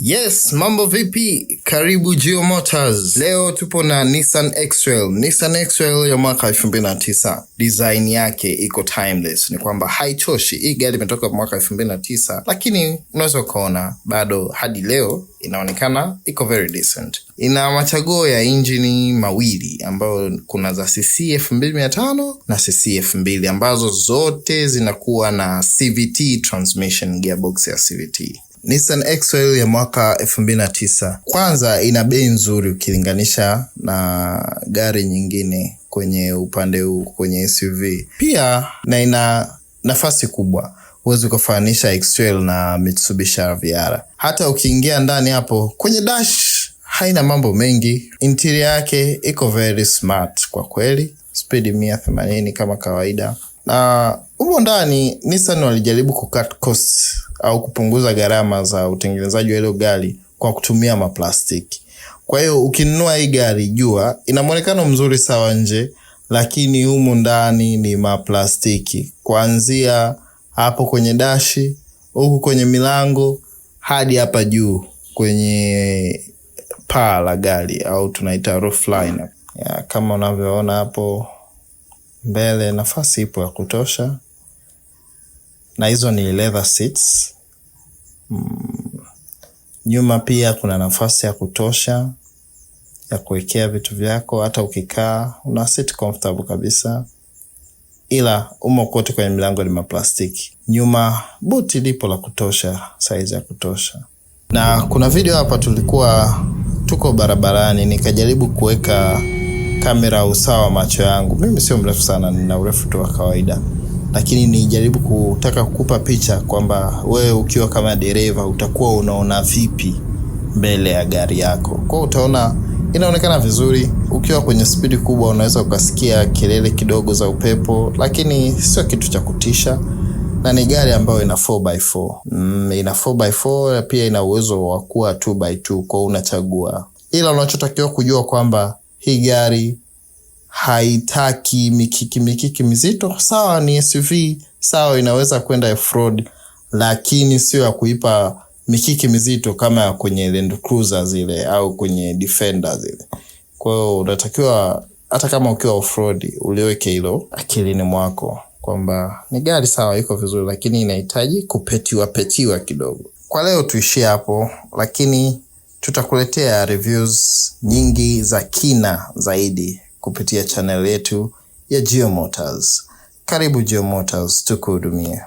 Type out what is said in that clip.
Yes, mambo vipi? Karibu Geo Motors. Leo tupo na Nissan X-Trail. Nissan X-Trail ya mwaka 2009. Design yake iko timeless. Ni kwamba haichoshi. Hii gari imetoka mwaka 2009, lakini unaweza ukaona bado hadi leo inaonekana iko very decent. Ina machaguo ya injini mawili ambayo kuna za cc 2500 na cc 2000 ambazo zote zinakuwa na CVT transmission, gearbox ya CVT. Nissan X-Trail ya mwaka 2009 kwanza ina bei nzuri ukilinganisha na gari nyingine kwenye upande huu kwenye SUV pia, na ina nafasi kubwa. Huwezi ukafananisha X-Trail na Mitsubishi RVR. Hata ukiingia ndani hapo kwenye dash, haina mambo mengi. Interior yake iko very smart kwa kweli, spidi 180 kama kawaida, na humo ndani Nissan walijaribu kucut cost au kupunguza gharama za utengenezaji wa hilo gari kwa kutumia maplastiki. Kwa hiyo ukinunua hii gari jua ina mwonekano mzuri sawa nje, lakini humu ndani ni maplastiki, kuanzia hapo kwenye dashi, huku kwenye milango, hadi hapa juu kwenye paa la gari au tunaita roofline. Ya, kama unavyoona hapo mbele, nafasi ipo ya kutosha na hizo ni leather seats. Mm. Nyuma pia kuna nafasi ya kutosha ya kuwekea vitu vyako, hata ukikaa una sit comfortable kabisa, ila umo kote kwenye milango ni maplastiki. Nyuma buti lipo la kutosha, saizi ya kutosha. Na kuna video hapa, tulikuwa tuko barabarani, nikajaribu kuweka kamera usawa macho yangu. Mimi sio mrefu sana, nina urefu tu wa kawaida lakini nijaribu kutaka kukupa picha kwamba wewe ukiwa kama dereva utakuwa unaona vipi mbele ya gari yako. Kwa utaona inaonekana vizuri. Ukiwa kwenye spidi kubwa, unaweza ukasikia kelele kidogo za upepo, lakini sio kitu cha kutisha, na ni gari ambayo ina 4x4. Mm, ina 4x4 na pia ina uwezo wa kuwa 2x2, kwa unachagua, ila unachotakiwa kujua kwamba hii gari haitaki mikiki mikiki mizito. Sawa, ni SUV, sawa, inaweza kwenda fraud lakini sio ya kuipa mikiki mizito kama kwenye Land Cruiser zile au kwenye Defender zile. Kwa hiyo unatakiwa hata kama ukiwa fraud uliweke hilo akilini mwako kwamba ni gari sawa, iko vizuri, lakini inahitaji kupetiwa petiwa kidogo. Kwa leo tuishie hapo, lakini tutakuletea reviews nyingi za kina zaidi kupitia channel yetu ya Geo Motors. Karibu Geo Motors tukuhudumia.